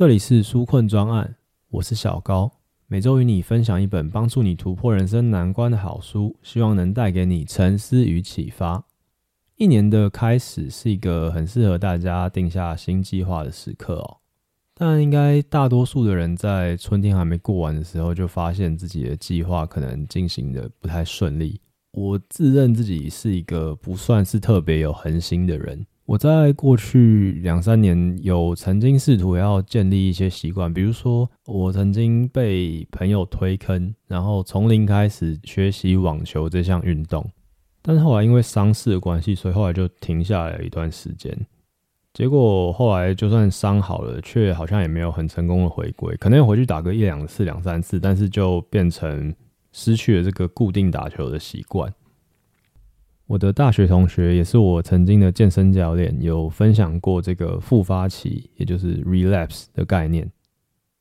這裡是書困專案，我是小高，每週與你分享一本幫助你突破人生難關的好書，希望能帶給你沉思與啟發。一年的開始是一個很適合大家定下新計劃的時刻哦，但應該大多數的人在春天還沒過完的時候，就發現自己的計劃可能進行得不太順利。我自認自己是一個不算是特別有恆心的人。我在過去兩三年有曾經試圖要建立一些習慣，比如說我曾經被朋友推坑，然後從零開始學習網球這項運動，但是後來因為傷勢的關係，所以後來就停下來了一段時間。結果後來就算傷好了，卻好像也沒有很成功的回歸，可能有回去打個一兩次、兩三次，但是就變成失去了這個固定打球的習慣。我的大學同學，也是我曾經的健身教練，有分享過這個復發期，也就是 relapse 的概念。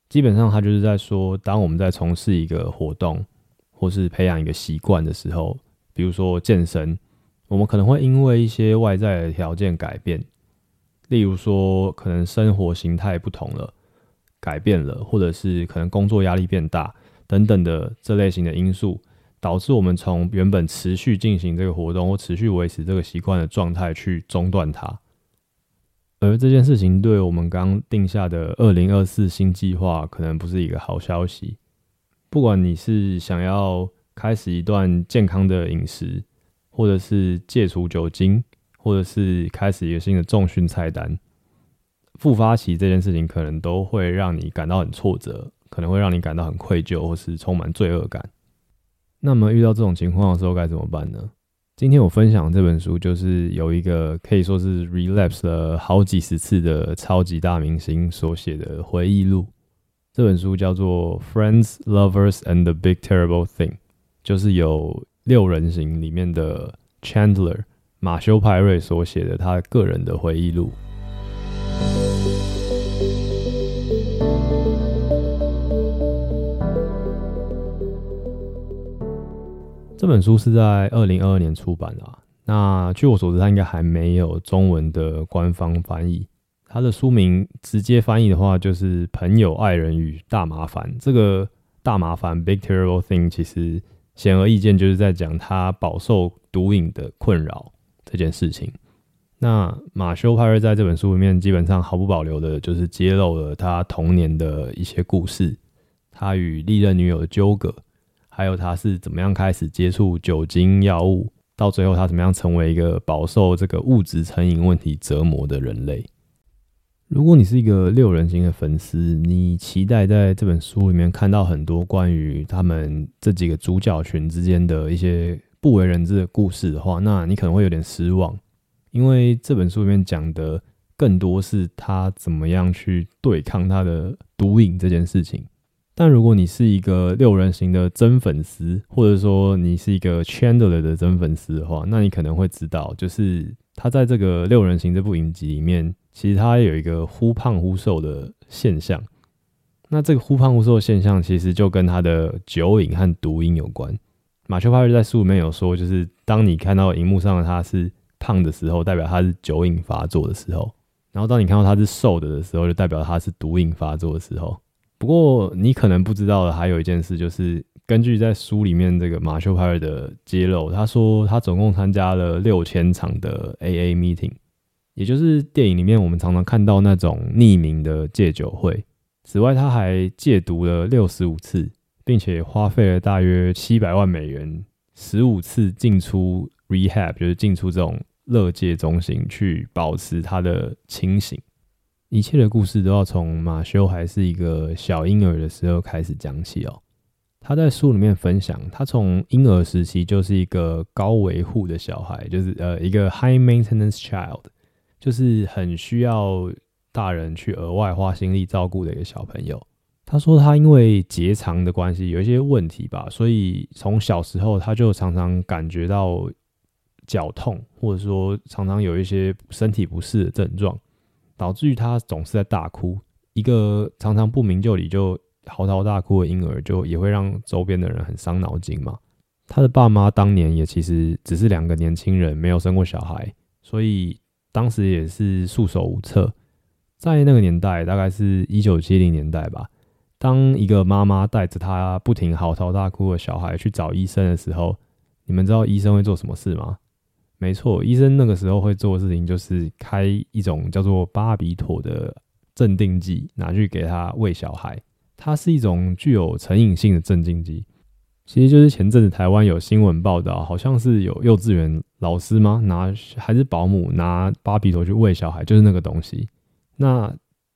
基本上，他就是在說，當我們在從事一個活動或是培養一個習慣的時候，比如說健身，我們可能會因為一些外在的條件改變，例如說，可能生活型態不同了，改變了，或者是可能工作壓力變大等等的這類型的因素。導致我們從原本持續進行這個活動或持續維持這個習慣的狀態去中斷它，而這件事情對我們剛定下的二零二四新計劃可能不是一個好消息。不管你是想要開始一段健康的飲食，或者是戒除酒精，或者是開始一個新的重訓菜單，復發期這件事情可能都會讓你感到很挫折，可能會讓你感到很愧疚，或是充滿罪惡感。那麼遇到這種情況的時候該怎麼辦呢？今天我分享這本書，就是有一個可以說是 relapse 了好幾十次的超級大明星所寫的回憶錄。這本書叫做《Friends, Lovers, and the Big Terrible Thing》，就是有《六人行》裡面的 Chandler 馬修·派瑞所寫的他個人的回憶錄。這本書是在二零二二年出版的啊。那據我所知，它應該還沒有中文的官方翻譯。它的書名直接翻譯的話，就是《朋友、愛人與大麻煩》。這個“大麻煩 ”（Big Terrible Thing） 其實顯而易見，就是在講他飽受毒癮的困擾這件事情。那馬修·派瑞在這本書裡面，基本上毫不保留的，就是揭露了他童年的一些故事，他與歷任女友的糾葛。還有他是怎麼樣開始接觸酒精藥物，到最後他怎麼樣成為一個飽受這個物質成癮問題折磨的人類。如果你是一個六人行的粉絲，你期待在這本書裡面看到很多關於他們這幾個主角群之間的一些不為人知的故事的話，那你可能會有點失望，因為這本書裡面講的更多是他怎麼樣去對抗他的毒癮這件事情。但如果你是一個六人行的真粉絲，或者說你是一個 Chandler 的真粉絲的話，那你可能會知道，就是他在這個六人行這部影集裡面，其實他有一個忽胖忽瘦的現象。那這個忽胖忽瘦的現象，其實就跟他的酒癮和毒癮有關。馬修·派瑞在書裡面有說，就是當你看到熒幕上的他是胖的時候，代表他是酒癮發作的時候；然後當你看到他是瘦的的時候，就代表他是毒癮發作的時候。不過你可能不知道的，還有一件事，就是根據在書裡面這個馬修派瑞的揭露，他說他總共參加了六千場的 AA meeting，也就是電影裡面我們常常看到那種匿名的戒酒會。此外，他還戒毒了六十五次，並且花費了大約七百萬美元，十五次進出 rehab，就是進出這種勒戒中心，去保持他的清醒。一切的故事都要從馬修還是一個小嬰兒的時候開始講起哦。他在書裡面分享，他從嬰兒時期就是一個高維護的小孩，就是呃一個 high maintenance child，就是很需要大人去額外花心力照顧的一個小朋友。他說他因為結腸的關係有一些問題吧，所以從小時候他就常常感覺到腳痛，或者說常常有一些身體不適的症狀。導致於他總是在大哭，一個常常不明就裡就嚎啕大哭的嬰兒，就也會讓周邊的人很傷腦筋嘛。他的爸媽當年也其實只是兩個年輕人，沒有生過小孩，所以當時也是束手無策。在那個年代，大概是一九七零年代吧，當一個媽媽帶着他不停嚎啕大哭的小孩去找醫生的時候，你們知道醫生會做什麼事嗎？沒錯，醫生那個時候會做的事情就是開一種叫做巴比妥的鎮定劑，拿去給他餵小孩。它是一種具有成癮性的鎮靜劑。其實就是前陣子台灣有新聞報道，好像是有幼稚園老師嗎？拿還是保姆拿巴比妥去餵小孩，就是那個東西。那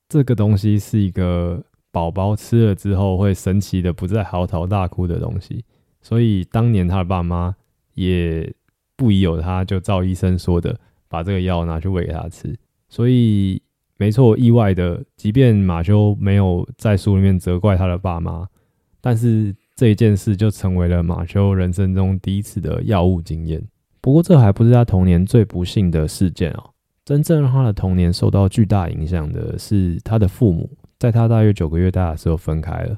這個東西是一個寶寶吃了之後會神奇的不再嚎啕大哭的東西。所以當年他的爸媽也不疑有他，就照醫生說的，把這個藥拿去餵給他吃。所以，沒錯，意外的，即便馬修沒有在書裡面責怪他的爸媽，但是這一件事就成為了馬修人生中第一次的藥物經驗。不過，這還不是他童年最不幸的事件啊、哦！真正讓他的童年受到巨大影響的是，他的父母在他大約九個月大的時候分開了，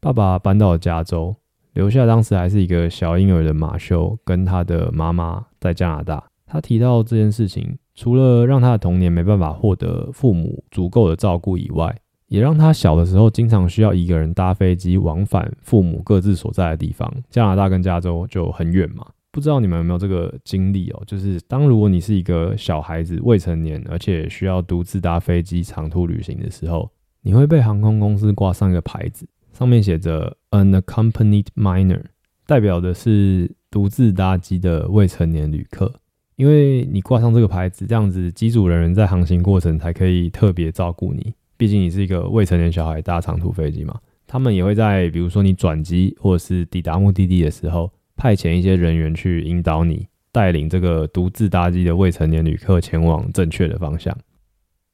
爸爸搬到了加州。留下當時還是一個小嬰兒的馬修跟他的媽媽在加拿大。他提到這件事情，除了讓他的童年沒辦法獲得父母足夠的照顧以外，也讓他小的時候經常需要一個人搭飛機往返父母各自所在的地方。加拿大跟加州就很遠嘛，不知道你們有沒有這個經歷哦？就是當如果你是一個小孩子、未成年，而且需要獨自搭飛機長途旅行的時候，你會被航空公司掛上一個牌子。上面寫着 unaccompanied minor，代表的是獨自搭機的未成年旅客。因為你掛上這個牌子，這樣子機組人員在航行過程才可以特別照顧你。畢竟你是一個未成年小孩，搭長途飛機嘛，他們也會在比如說你轉機或者是抵達目的地的時候，派遣一些人員去引導你，帶領這個獨自搭機的未成年旅客前往正確的方向。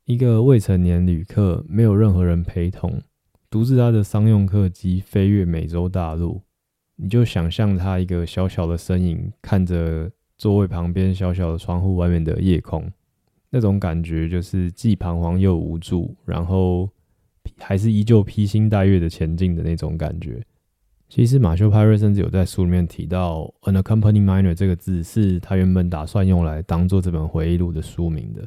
一個未成年旅客，沒有任何人陪同。獨自他的商用客機飛越美洲大陸，你就想象他一個小小的身影，看着座位旁邊小小的窗戶外面的夜空，那種感覺就是既彷徨又無助，然後還是依舊披星戴月的前進的那種感覺。其實馬修·派瑞甚至有在書裡面提到 “unaccompanied minor” 這個字，是他原本打算用來當做這本回憶錄的書名的。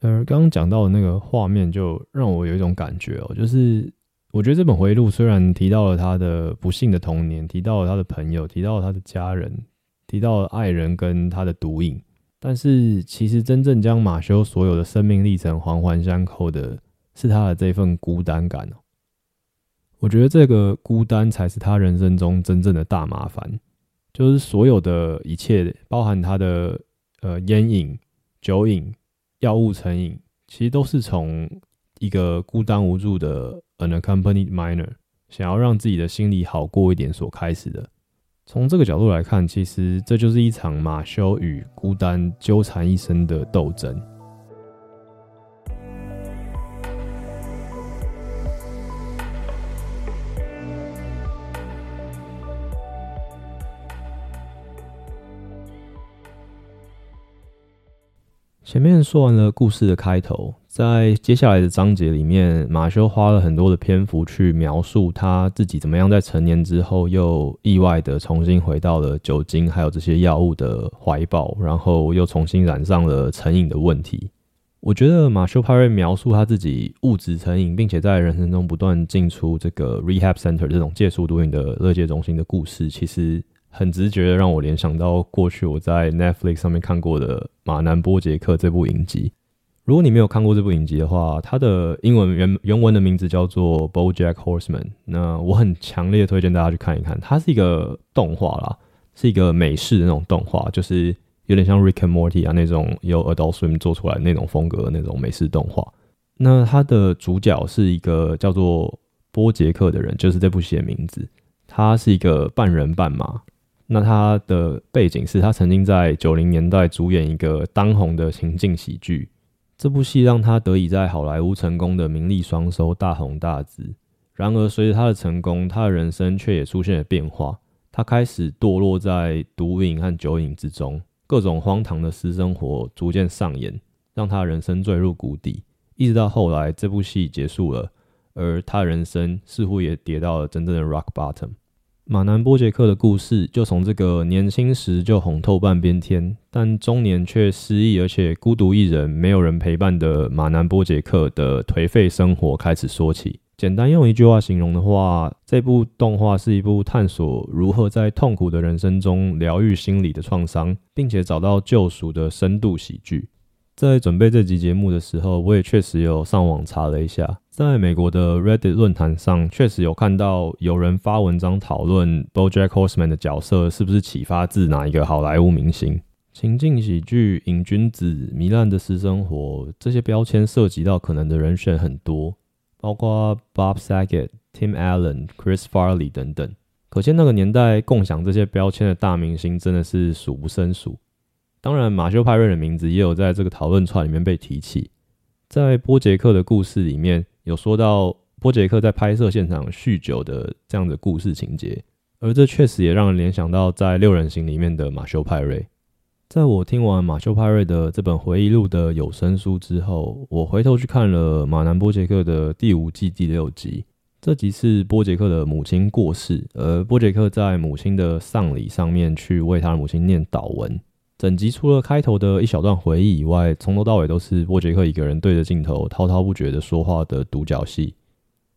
而剛剛講到的那個畫面，就讓我有一種感覺哦，就是。我覺得這本回憶錄雖然提到了他的不幸的童年，提到了他的朋友，提到了他的家人，提到了愛人跟他的毒癮，但是其實真正將馬修所有的生命歷程環環相扣的是他的這份孤單感。我覺得這個孤單才是他人生中真正的大麻煩，就是所有的一切，包含他的呃菸癮、酒癮、藥物成癮，其實都是從一個孤單無助的。Unaccompanied minor, 想要讓自己的心裡好過一點所開始的。從這個角度來看，其實這就是一場馬修與孤單糾纏一生的鬥爭。前面說完了故事的開頭。在接下來的章節裡面，馬修花了很多的篇幅去描述他自己怎麼樣在成年之後又意外的重新回到了酒精還有這些藥物的懷抱，然後又重新染上了成癮的問題。我覺得馬修帕瑞描述他自己物質成癮，並且在人生中不斷進出這個 rehab center 這種戒除毒癮的勒戒中心的故事，其實很直覺的讓我聯想到過去我在 Netflix 上面看過的馬男波傑克這部影集。如果你沒有看過這部影集的話，它的英文原原文的名字叫做《BoJack Horseman》，那我很強烈推薦大家去看一看。它是一個動畫啦，是一個美式的那種動畫，就是有點像、啊《Rick and Morty》啊那種由 Adult Swim 做出來那種風格的那種美式動畫。那它的主角是一個叫做波傑克的人，就是這部戲的名字。他是一個半人半馬。那他的背景是他曾經在九零年代主演一個當紅的情境喜劇。這部戲讓他得以在好萊塢成功的名利雙收，大紅大紫。然而，隨着他的成功，他的人生卻也出現了變化。他開始墮落在毒癮和酒癮之中，各種荒唐的私生活逐漸上演，讓他人生墜入谷底。一直到後來，這部戲結束了，而他的人生似乎也跌到了真正的 rock bottom。馬男波傑克的故事就從這個年輕時就紅透半邊天，但中年卻失意，而且孤獨一人，沒有人陪伴的馬男波傑克的頹廢生活開始說起。簡單用一句話形容的話，這部動畫是一部探索如何在痛苦的人生中療癒心理的創傷，並且找到救贖的深度喜劇。在準備這集節目的時候，我也確實有上網查了一下，在美國的 Reddit 論壇上，確實有看到有人發文章討論 BoJack Horseman 的角色是不是啟發自哪一個好萊塢明星。情境喜劇、癮君子、糜爛的私生活，這些標籤涉及到可能的人選很多，包括 Bob Saget、Tim Allen、Chris Farley 等等。可見那個年代共享這些標籤的大明星真的是數不勝數。當然，馬修派瑞的名字也有在這個討論串裡面被提起。在波杰克的故事裡面有說到波杰克在拍攝現場酗酒的這樣的故事情節，而這確實也讓人聯想到在《六人行》裡面的馬修派瑞。在我聽完馬修派瑞的這本回憶錄的有聲書之後，我回頭去看了馬男波杰克的第五季第六集，這集是波杰克的母親過世，而波杰克在母親的喪禮上面去為他的母親念禱文。整集除了開頭的一小段回憶以外，從頭到尾都是波傑克一個人對着鏡頭滔滔不絕的說話的獨角戲。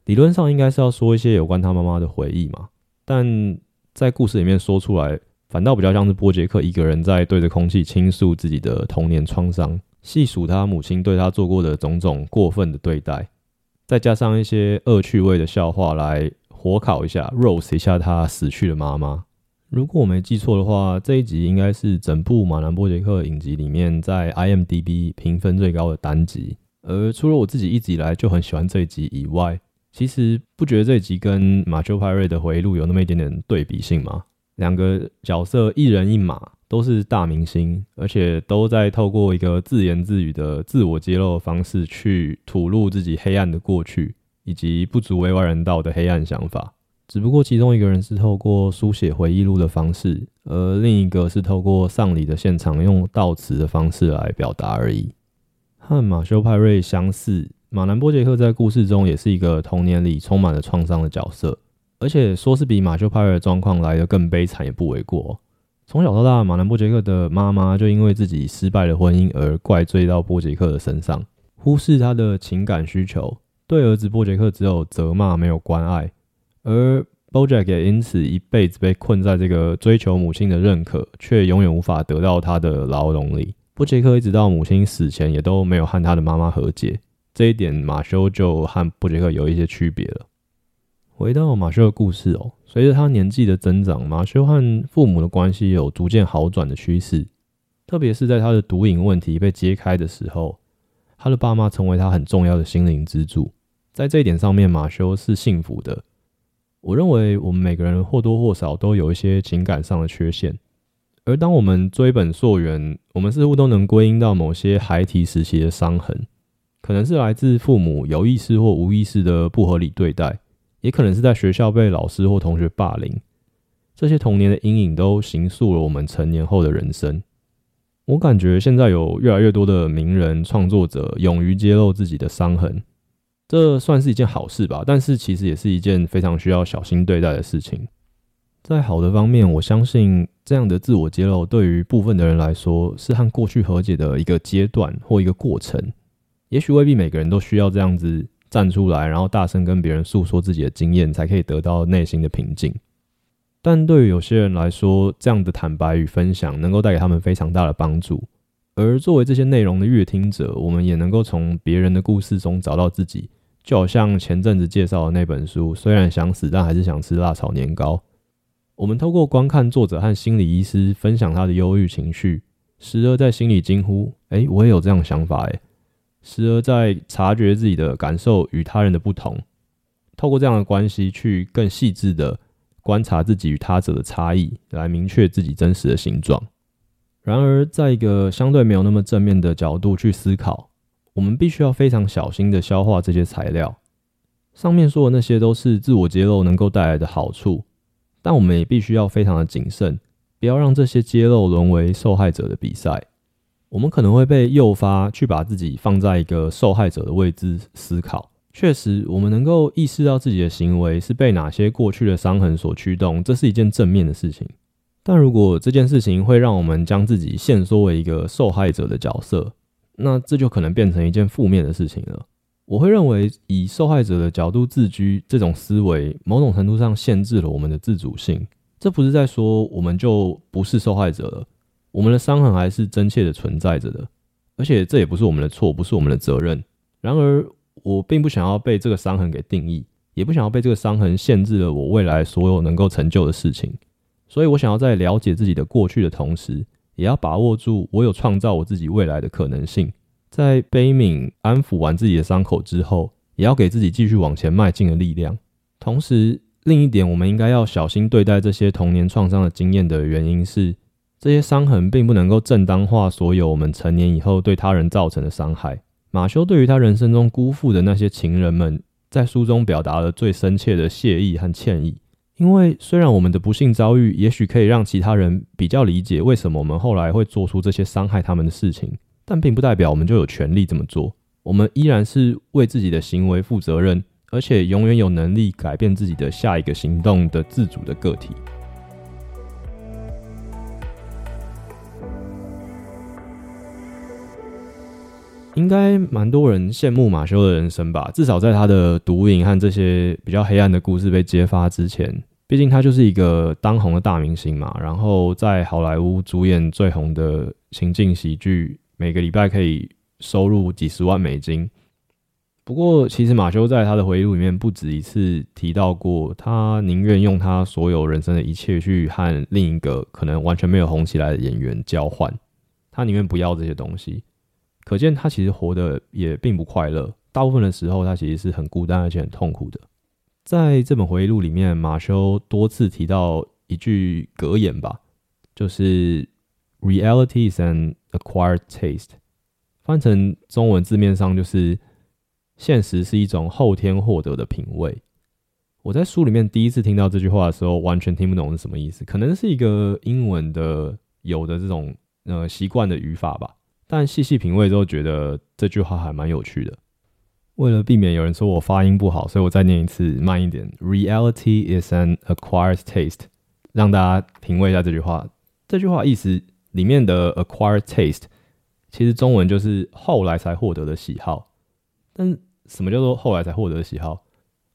理論上應該是要說一些有關他媽媽的回憶嘛，但在故事裡面說出來，反倒比較像是波傑克一個人在對着空氣傾訴自己的童年創傷，細數他母親對他做過的種種過分的對待，再加上一些惡趣味的笑話來火烤一下、roast 一下他死去的媽媽。如果我沒記錯的話，這一集應該是整部《馬男波傑克》影集裡面在 IMDB 評分最高的單集。而除了我自己一直以來就很喜歡這一集以外，其實不覺得這一集跟馬修派瑞的回憶錄有那麼一點點對比性嗎？兩個角色一人一馬，都是大明星，而且都在透過一個自言自語的自我揭露的方式去吐露自己黑暗的過去以及不足為外人道的黑暗想法。只不過，其中一個人是透過書寫回憶錄的方式，而另一個是透過喪禮的現場用悼詞的方式來表達而已。和馬修·派瑞相似，馬男波傑克在故事中也是一個童年裡充滿了創傷的角色，而且說是比馬修·派瑞的狀況來得更悲慘也不為過。從小到大，馬男波傑克的媽媽就因為自己失敗的婚姻而怪罪到波傑克的身上，忽視他的情感需求，對兒子波傑克只有責罵沒有關愛。而 BoJack 也因此一輩子被困在這個追求母親的認可，卻永遠無法得到他的牢籠裡。布杰克一直到母親死前也都沒有和他的媽媽和解。這一點馬修就和布杰克有一些區別了。回到馬修的故事哦，隨着他年紀的增長，馬修和父母的關係有逐漸好轉的趨勢。特別是在他的毒癮問題被揭開的時候，他的爸媽成為他很重要的心靈支柱。在這一點上面，馬修是幸福的。我認為我們每個人或多或少都有一些情感上的缺陷，而當我們追本溯源，我們似乎都能歸因到某些孩提時期的傷痕，可能是來自父母有意識或無意識的不合理對待，也可能是在學校被老師或同學霸凌。這些童年的陰影都形塑了我們成年後的人生。我感覺現在有越來越多的名人創作者勇於揭露自己的傷痕。這算是一件好事吧，但是其實也是一件非常需要小心對待的事情。在好的方面，我相信這樣的自我揭露對於部分的人來說是和過去和解的一個階段或一個過程。也許未必每個人都需要這樣子站出來，然後大聲跟別人訴說自己的經驗，才可以得到內心的平靜。但對於有些人來說，這樣的坦白與分享能夠帶給他們非常大的幫助。而作為這些內容的閱聽者，我們也能夠從別人的故事中找到自己。就好像前陣子介紹的那本書，雖然想死，但還是想吃辣炒年糕。我們透過觀看作者和心理醫師分享他的憂鬱情緒，時而在心裡驚呼：“哎，我也有這樣的想法哎。”時而在察覺自己的感受與他人的不同，透過這樣的關係去更細緻的觀察自己與他者的差異，來明確自己真實的形狀。然而，在一個相對沒有那麼正面的角度去思考。我們必須要非常小心地消化這些材料。上面說的那些都是自我揭露能夠帶來的好處，但我們也必須要非常的謹慎，不要讓這些揭露淪為受害者的比賽。我們可能會被誘發去把自己放在一個受害者的位置思考。確實，我們能夠意識到自己的行為是被哪些過去的傷痕所驅動，這是一件正面的事情。但如果這件事情會讓我們將自己限縮為一個受害者的角色，那這就可能變成一件負面的事情了。我會認為，以受害者的角度自居，這種思維某種程度上限制了我們的自主性。這不是在說我們就不是受害者了，我們的傷痕還是真切的存在着的。而且這也不是我們的錯，不是我們的責任。然而，我並不想要被這個傷痕給定義，也不想要被這個傷痕限制了我未來所有能夠成就的事情。所以我想要在了解自己的過去的同時，也要把握住，我有創造我自己未來的可能性。在悲憫安撫完自己的傷口之後，也要給自己繼續往前邁進的力量。同時，另一點，我們應該要小心對待這些童年創傷的經驗的原因是，這些傷痕並不能夠正當化所有我們成年以後對他人造成的傷害。馬修對於他人生中辜負的那些情人們，在書中表達了最深切的謝意和歉意。因為雖然我們的不幸遭遇，也許可以讓其他人比較理解為什麼我們後來會做出這些傷害他們的事情，但並不代表我們就有權利這麼做。我們依然是為自己的行為負責任，而且永遠有能力改變自己的下一個行動的自主的個體。應該蠻多人羨慕馬修的人生吧，至少在他的毒癮和這些比較黑暗的故事被揭發之前，畢竟他就是一個當紅的大明星嘛。然後在好萊塢主演最紅的情境喜劇，每個禮拜可以收入幾十萬美金。不過，其實馬修在他的回憶錄裡面不止一次提到過，他寧願用他所有人生的一切去和另一個可能完全沒有紅起來的演員交換，他寧願不要這些東西。可見他其實活得也並不快樂，大部分的時候他其實是很孤單而且很痛苦的。在這本回憶錄裡面，馬修多次提到一句格言吧，就是 “Reality is an acquired taste”，翻成中文字面上就是“現實是一種後天獲得的品味”。我在書裡面第一次聽到這句話的時候，完全聽不懂是什麼意思，可能是一個英文的有的這種呃習慣的語法吧。但細細品味之後，覺得這句話還蠻有趣的。為了避免有人說我發音不好，所以我再念一次，慢一點：“Reality is an acquired taste。”讓大家品味一下這句話。這句話意思裡面的 “acquired taste” 其實中文就是後來才獲得的喜好。但是什麼叫做後來才獲得的喜好？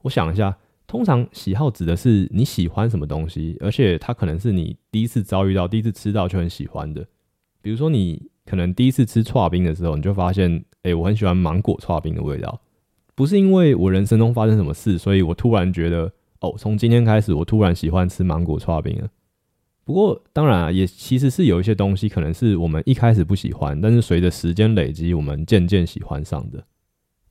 我想一下，通常喜好指的是你喜歡什麼東西，而且它可能是你第一次遭遇到、第一次吃到就很喜歡的，比如說你。可能第一次吃剉冰的時候，你就發現，哎、欸，我很喜歡芒果剉冰的味道。不是因為我人生中發生什麼事，所以我突然覺得，哦，從今天開始，我突然喜歡吃芒果剉冰了。不過，當然啊，也其實是有一些東西，可能是我們一開始不喜歡，但是隨着時間累積，我們漸漸喜歡上的。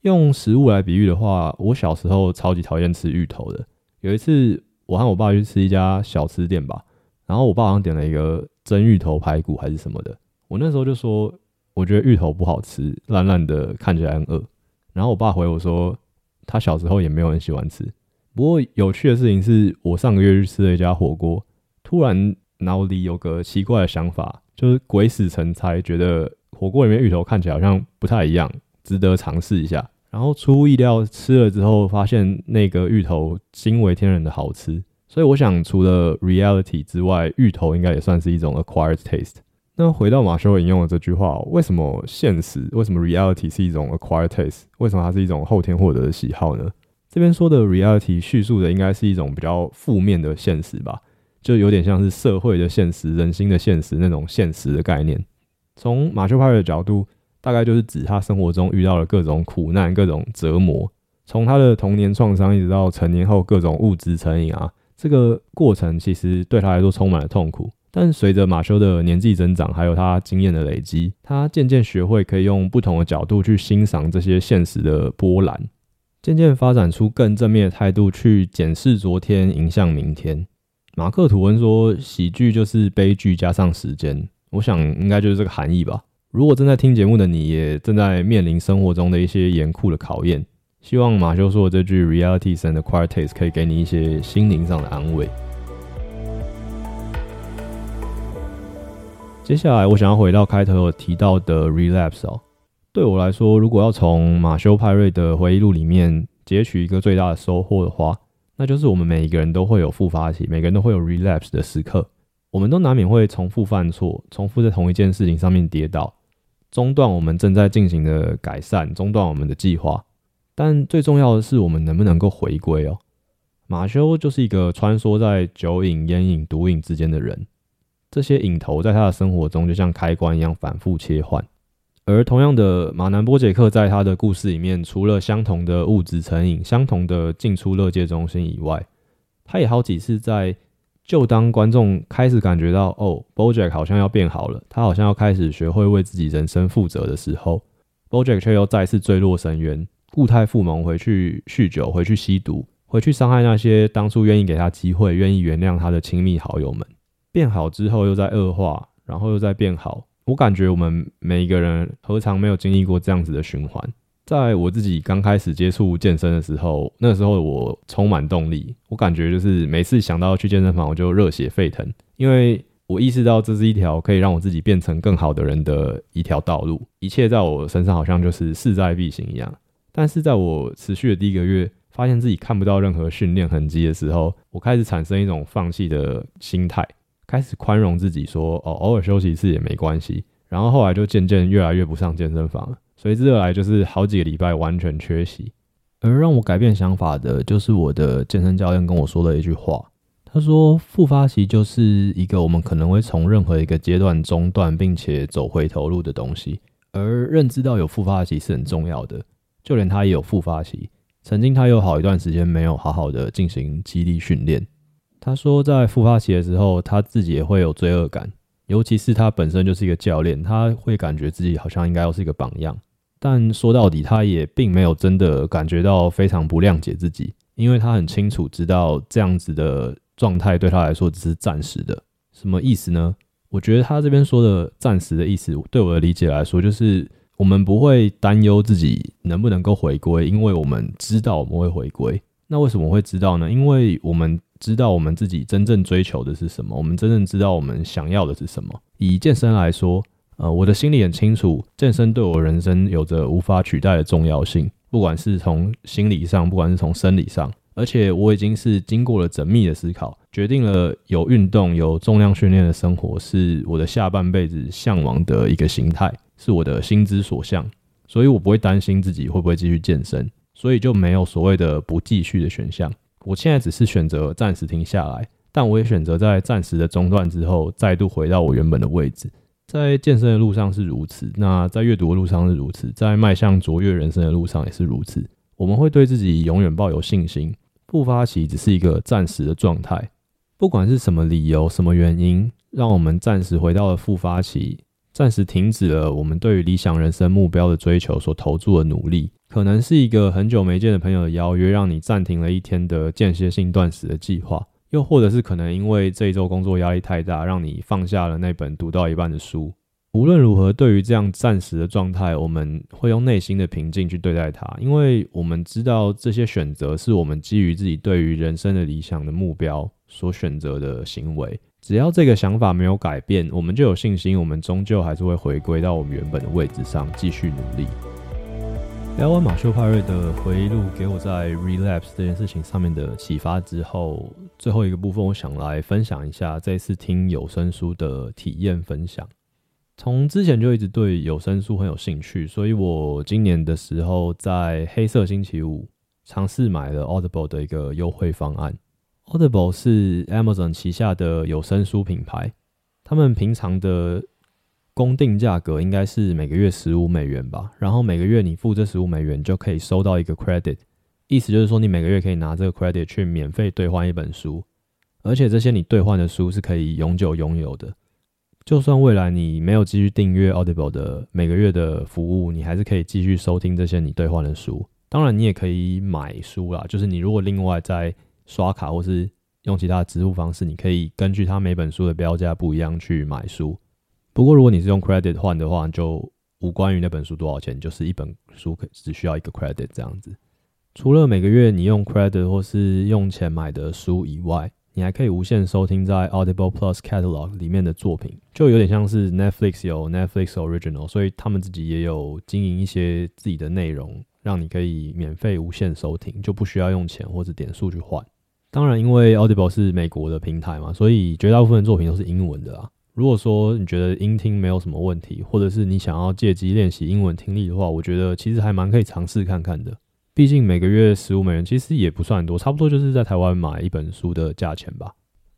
用食物來比喻的話，我小時候超級討厭吃芋頭的。有一次，我和我爸去吃一家小吃店吧，然後我爸好像點了一個蒸芋頭排骨還是什麼的。我那時候就說，我覺得芋頭不好吃，爛爛的，看起來很惡。然後我爸回我說，他小時候也沒有很喜歡吃。不過有趣的事情是，我上個月去吃了一家火鍋，突然腦裡有個奇怪的想法，就是鬼使神差，覺得火鍋裡面芋頭看起來好像不太一樣，值得嘗試一下。然後出乎意料，吃了之後發現那個芋頭驚為天人的好吃。所以我想，除了 reality 之外，芋頭應該也算是一種 acquired taste。那回到馬修引用的這句話，為什麼現實，為什麼 reality 是一種 acquired taste？為什麼它是一種後天獲得的喜好呢？這邊說的 reality 敘述的應該是一種比較負面的現實吧，就有點像是社會的現實、人心的現實那種現實的概念。從馬修派瑞的角度，大概就是指他生活中遇到了各種苦難、各種折磨，從他的童年創傷一直到成年後各種物質成癮啊，這個過程其實對他來說充滿了痛苦。但隨着馬修的年紀增長，還有他經驗的累積，他漸漸學會可以用不同的角度去欣賞這些現實的波瀾，漸漸發展出更正面的態度去檢視昨天，迎向明天。馬克·吐溫說：“喜劇就是悲劇加上時間。”我想應該就是這個含義吧。如果正在聽節目的你也正在面臨生活中的一些嚴酷的考驗，希望馬修說的這句 “reality is an acquired taste” 可以給你一些心靈上的安慰。接下來，我想要回到開頭有提到的 relapse 哦。對我來說，如果要從馬修派瑞的回憶錄裡面截取一個最大的收穫的話，那就是我們每一個人都會有復發期，每個人都會有 relapse 的時刻。我們都難免會重複犯錯，重複在同一件事情上面跌倒，中斷我們正在進行的改善，中斷我們的計劃。但最重要的是，我們能不能夠回歸哦？馬修就是一個穿梭在酒癮、煙癮、毒癮之間的人。這些癮頭在他的生活中就像開關一樣反覆切換，而同樣的馬男波傑克在他的故事裡面，除了相同的物質成癮、相同的進出勒戒中心以外，他也好幾次在就當觀眾開始感覺到哦，Bojack 好像要變好了，他好像要開始學會為自己人生負責的時候，Bojack 卻又再次墜落深淵，故態復萌，回去酗酒，回去吸毒，回去傷害那些當初願意給他機會、願意原諒他的親密好友們。變好之後又在惡化，然後又在變好。我感覺我們每一個人何嘗沒有經歷過這樣子的循環。在我自己剛開始接觸健身的時候，那時候我充滿動力，我感覺就是每次想到去健身房，我就熱血沸騰，因為我意識到這是一條可以讓我自己變成更好的人的一條道路。一切在我身上好像就是勢在必行一樣。但是在我持續的第一個月，發現自己看不到任何訓練痕跡的時候，我開始產生一種放棄的心態。開始寬容自己，說哦，偶爾休息一次也沒關係。然後後來就漸漸越來越不上健身房了，隨之而來就是好幾個禮拜完全缺席。而讓我改變想法的，就是我的健身教練跟我說的一句話。他說，復發期就是一個我們可能會從任何一個階段中斷，並且走回頭路的東西。而認知到有復發期是很重要的，就連他也有復發期，曾經他有好一段時間沒有好好的進行肌力訓練。他說，在復發期的時候，他自己也會有罪惡感，尤其是他本身就是一個教練，他會感覺自己好像應該要是一個榜樣。但說到底，他也並沒有真的感覺到非常不諒解自己，因為他很清楚，知道這樣子的狀態對他來說只是暫時的。什麼意思呢？我覺得他這邊說的“暫時”的意思，對我的理解來說，就是我們不會擔憂自己能不能夠回歸，因為我們知道我們會回歸。那為什麼會知道呢？因為我們知道我們自己真正追求的是什麼，我們真正知道我們想要的是什麼。以健身來說，呃，我的心裡很清楚，健身對我人生有着無法取代的重要性，不管是從心理上，不管是從生理上，而且我已經是經過了縝密的思考，決定了有運動、有重量訓練的生活是我的下半輩子嚮往的一個形態，是我的心之所向，所以我不會擔心自己會不會繼續健身，所以就沒有所謂的不繼續的選項。我現在只是選擇暫時停下來，但我也選擇在暫時的中斷之後，再度回到我原本的位置。在健身的路上是如此，那在閱讀的路上是如此，在邁向卓越人生的路上也是如此。我們會對自己永遠抱有信心，復發期只是一個暫時的狀態。不管是什麼理由、什麼原因，讓我們暫時回到了復發期，暫時停止了我們對於理想人生目標的追求所投注的努力。可能是一個很久沒見的朋友的邀約，讓你暫停了一天的間歇性斷食的計劃；又或者是可能因為這一周工作壓力太大，讓你放下了那本讀到一半的書。無論如何，對於這樣暫時的狀態，我們會用內心的平靜去對待它，因為我們知道這些選擇是我們基於自己對於人生的理想的目標所選擇的行為。只要這個想法沒有改變，我們就有信心，我們終究還是會回歸到我們原本的位置上，繼續努力。聊完馬修派瑞的回憶錄，給我在 relapse 這件事情上面的啟發之後，最後一個部分，我想來分享一下這一次聽有聲書的體驗分享。從之前就一直對有聲書很有興趣，所以我今年的時候在黑色星期五嘗試買了 Audible 的一個優惠方案。Audible 是 Amazon 旗下的有聲書品牌，他們平常的。公定價格應該是每個月十五美元吧，然後每個月你付這十五美元，就可以收到一個 credit，意思就是說你每個月可以拿這個 credit 去免費兌換一本書，而且這些你兌換的書是可以永久擁有的。就算未來你沒有繼續訂閱 Audible 的每個月的服務，你還是可以繼續收聽這些你兌換的書。當然，你也可以買書啦，就是你如果另外再刷卡或是用其他支付方式，你可以根據它每本書的標價不一樣去買書。不過，如果你是用 credit 換的話，就無關於那本書多少錢，就是一本書可只需要一個 credit 這樣子。除了每個月你用 credit 或是用錢買的書以外，你還可以無限收聽在 Audible Plus Catalog 裡面的作品，就有點像是 Netflix 有 Netflix Original，所以他們自己也有經營一些自己的內容，讓你可以免費無限收聽，就不需要用錢或者點數去換。當然，因為 Audible 是美國的平台嘛，所以絕大部分的作品都是英文的啦。如果說你覺得英聽沒有什麼問題，或者是你想要借機練習英文聽力的話，我覺得其實還蠻可以嘗試看看的。畢竟每個月十五美元其實也不算多，差不多就是在台灣買一本書的價錢吧。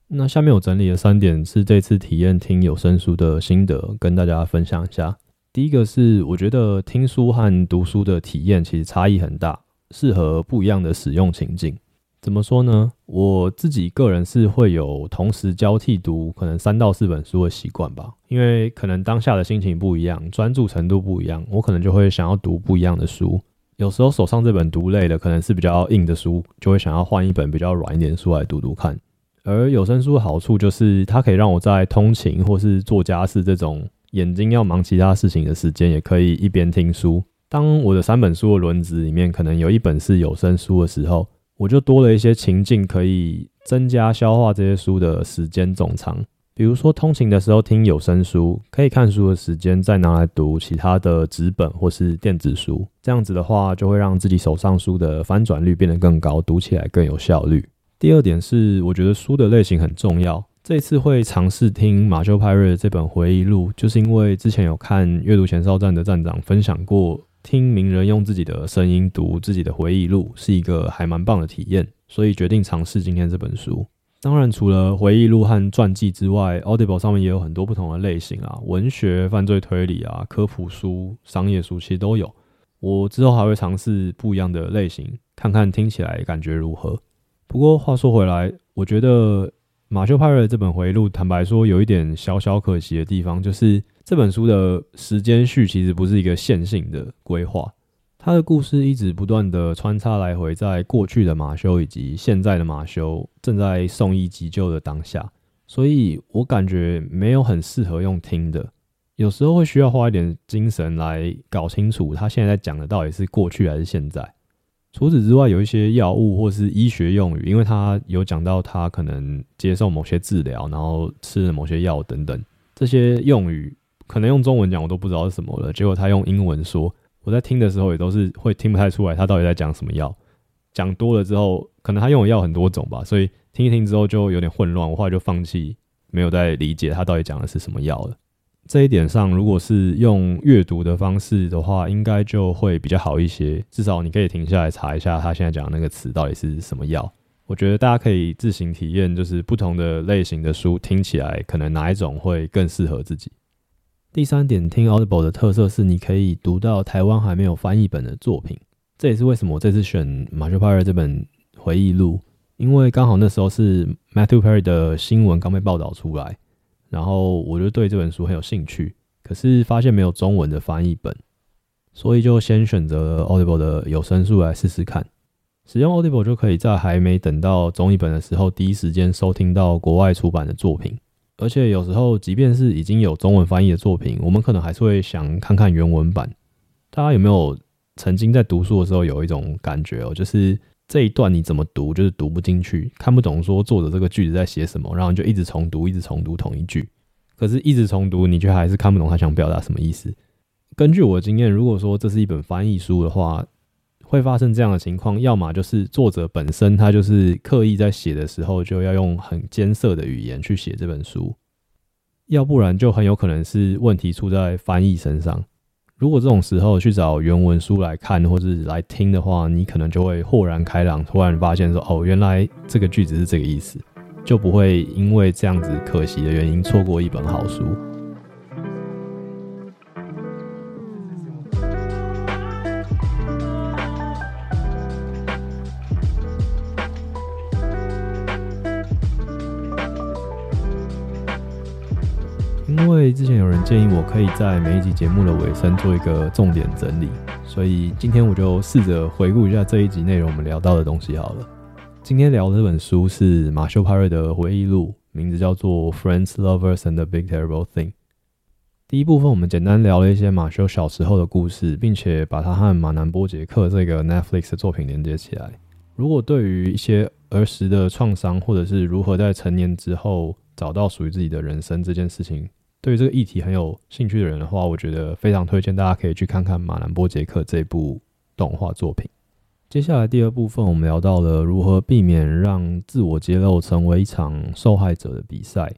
那下面我整理了三點是這次體驗聽有聲書的心得，跟大家分享一下。第一個是我覺得聽書和讀書的體驗其實差異很大，適合不一樣的使用情境。怎麼說呢？我自己個人是會有同時交替讀可能三到四本書的習慣吧，因為可能當下的心情不一樣，專注程度不一樣，我可能就會想要讀不一樣的書。有時候手上這本讀累了，可能是比較硬的書，就會想要換一本比較軟一點的書來讀讀看。而有聲書的好處就是，它可以讓我在通勤或是做家事這種眼睛要忙其他事情的時間，也可以一邊聽書。當我的三本書的輪子裡面，可能有一本是有聲書的時候。我就多了一些情境，可以增加消化這些書的時間總長。比如說，通勤的時候聽有聲書，可以看書的時間再拿來讀其他的紙本或是電子書。這樣子的話，就會讓自己手上書的翻轉率變得更高，讀起來更有效率。第二點是，我覺得書的類型很重要。這次會嘗試聽馬修派瑞這本回憶錄，就是因為之前有看閱讀前哨站的站長分享過。聽名人用自己的聲音讀自己的回憶錄是一個還蠻棒的體驗，所以決定嘗試今天這本書。當然，除了回憶錄和傳記之外，Audible 上面也有很多不同的類型啊，文學、犯罪推理啊、科普書、商業書，其實都有。我之後還會嘗試不一樣的類型，看看聽起來感覺如何。不過話說回來，我覺得。馬修·派瑞的這本回憶錄，坦白說，有一點小小可惜的地方，就是這本書的時間序其實不是一個線性的規劃。他的故事一直不斷的穿插來回，在過去的馬修以及現在的馬修正在送醫急救的當下，所以我感覺沒有很適合用聽的，有時候會需要花一點精神來搞清楚他現在在講的到底是過去還是現在。除此之外，有一些藥物或是醫學用語，因為他有講到他可能接受某些治療，然後吃了某些藥等等，這些用語可能用中文講我都不知道是什麼了。結果他用英文說，我在聽的時候也都是會聽不太出來他到底在講什麼藥。講多了之後，可能他用的藥很多種吧，所以聽一聽之後就有點混亂，我後來就放棄，沒有再理解他到底講的是什麼藥了。這一點上，如果是用閱讀的方式的話，應該就會比較好一些。至少你可以停下來查一下他現在講的那個詞到底是什麼藥。我覺得大家可以自行體驗，就是不同的類型的書聽起來，可能哪一種會更適合自己。第三點，聽 Audible 的特色是你可以讀到台灣還沒有翻譯本的作品，這也是為什麼我這次選 Matthew Perry 這本回憶錄，因為剛好那時候是 Matthew Perry 的新聞剛被報道出來。然後我就對這本書很有興趣，可是發現沒有中文的翻譯本，所以就先選擇 Audible 的有聲書來試試看。使用 Audible 就可以在還沒等到中譯本的時候，第一時間收聽到國外出版的作品。而且有時候，即便是已經有中文翻譯的作品，我們可能還是會想看看原文版。大家有沒有曾經在讀書的時候有一種感覺哦？就是這一段你怎麼讀，就是讀不進去，看不懂，說作者這個句子在寫什麼，然後就一直重讀，一直重讀同一句，可是一直重讀，你卻還是看不懂他想表達什麼意思。根據我的經驗，如果說這是一本翻譯書的話，會發生這樣的情況：要麼就是作者本身他就是刻意在寫的時候就要用很艱澀的語言去寫這本書，要不然就很有可能是問題出在翻譯身上。如果這種時候去找原文書來看，或是來聽的話，你可能就會豁然開朗，突然發現說，哦，原來這個句子是這個意思，就不會因為這樣子可惜的原因錯過一本好書。之前有人建議我可以在每一集節目的尾聲做一個重點整理，所以今天我就試着回顧一下這一集內容，我們聊到的東西好了。今天聊的這本書是馬修·派瑞的回憶錄，名字叫做《Friends, Lovers, and the Big Terrible Thing》。第一部分我們簡單聊了一些馬修小時候的故事，並且把他和馬男波傑克這個 Netflix 的作品連接起來。如果對於一些兒時的創傷，或者是如何在成年之後找到屬於自己的人生這件事情，對於這個議題很有興趣的人的話，我覺得非常推薦大家可以去看看《馬男波傑克》這部動畫作品。接下來第二部分，我們聊到了如何避免讓自我揭露成為一場受害者的比賽。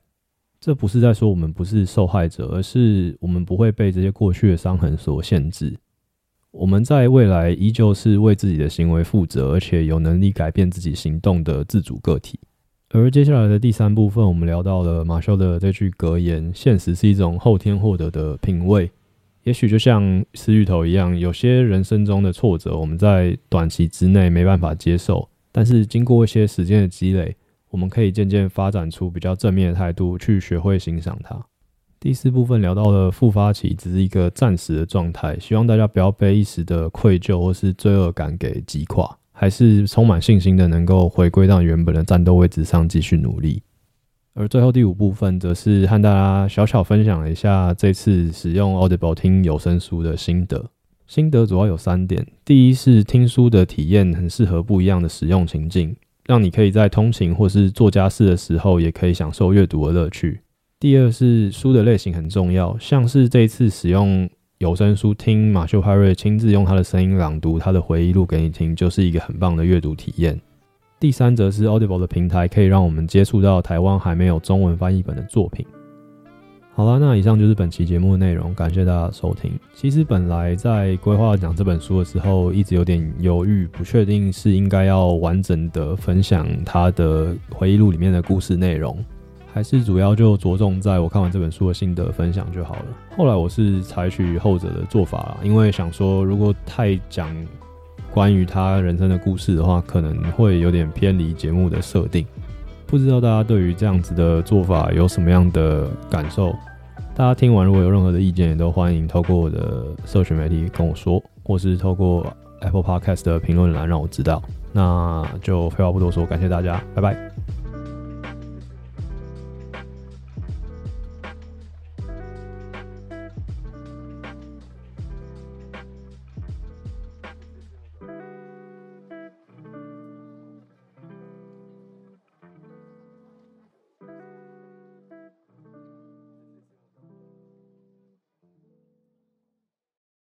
這不是在說我們不是受害者，而是我們不會被這些過去的傷痕所限制。我們在未來依舊是為自己的行為負責，而且有能力改變自己行動的自主個體。而接下來的第三部分，我們聊到了馬修的這句格言：“現實是一種後天獲得的品味。”也許就像思魚頭一樣，有些人生中的挫折，我們在短期之內沒辦法接受，但是經過一些時間的積累，我們可以漸漸發展出比較正面的態度，去學會欣賞它。第四部分聊到了復發期只是一個暫時的狀態，希望大家不要被一時的愧疚或是罪惡感給擊垮。還是充滿信心的，能夠回歸到原本的戰鬥位置上繼續努力。而最後第五部分，則是和大家小小分享了一下這次使用 Audible 聽有聲書的心得。心得主要有三點：第一是聽書的體驗很適合不一樣的使用情境，讓你可以在通勤或是做家事的時候，也可以享受閱讀的樂趣。第二是書的類型很重要，像是這次使用。有聲書聽馬修·派瑞親自用他的聲音朗讀他的回憶錄給你聽，就是一個很棒的閱讀體驗。第三則是 Audible 的平台，可以讓我們接觸到台灣還沒有中文翻譯本的作品。好啦，那以上就是本期節目的內容，感謝大家收聽。其實本來在規劃講這本書的時候，一直有點猶豫，不確定是應該要完整的分享他的回憶錄裡面的故事內容。還是主要就着重在我看完這本書的心得分享就好了。後來我是採取後者的做法啦，因為想說如果太講關於他人生的故事的話，可能會有點偏離節目的設定。不知道大家對於這樣子的做法有什麼樣的感受？大家聽完如果有任何的意見，也都歡迎透過我的社群媒體跟我說，或是透過 Apple Podcast 的評論欄讓我知道。那就廢話不多說，感謝大家，拜拜。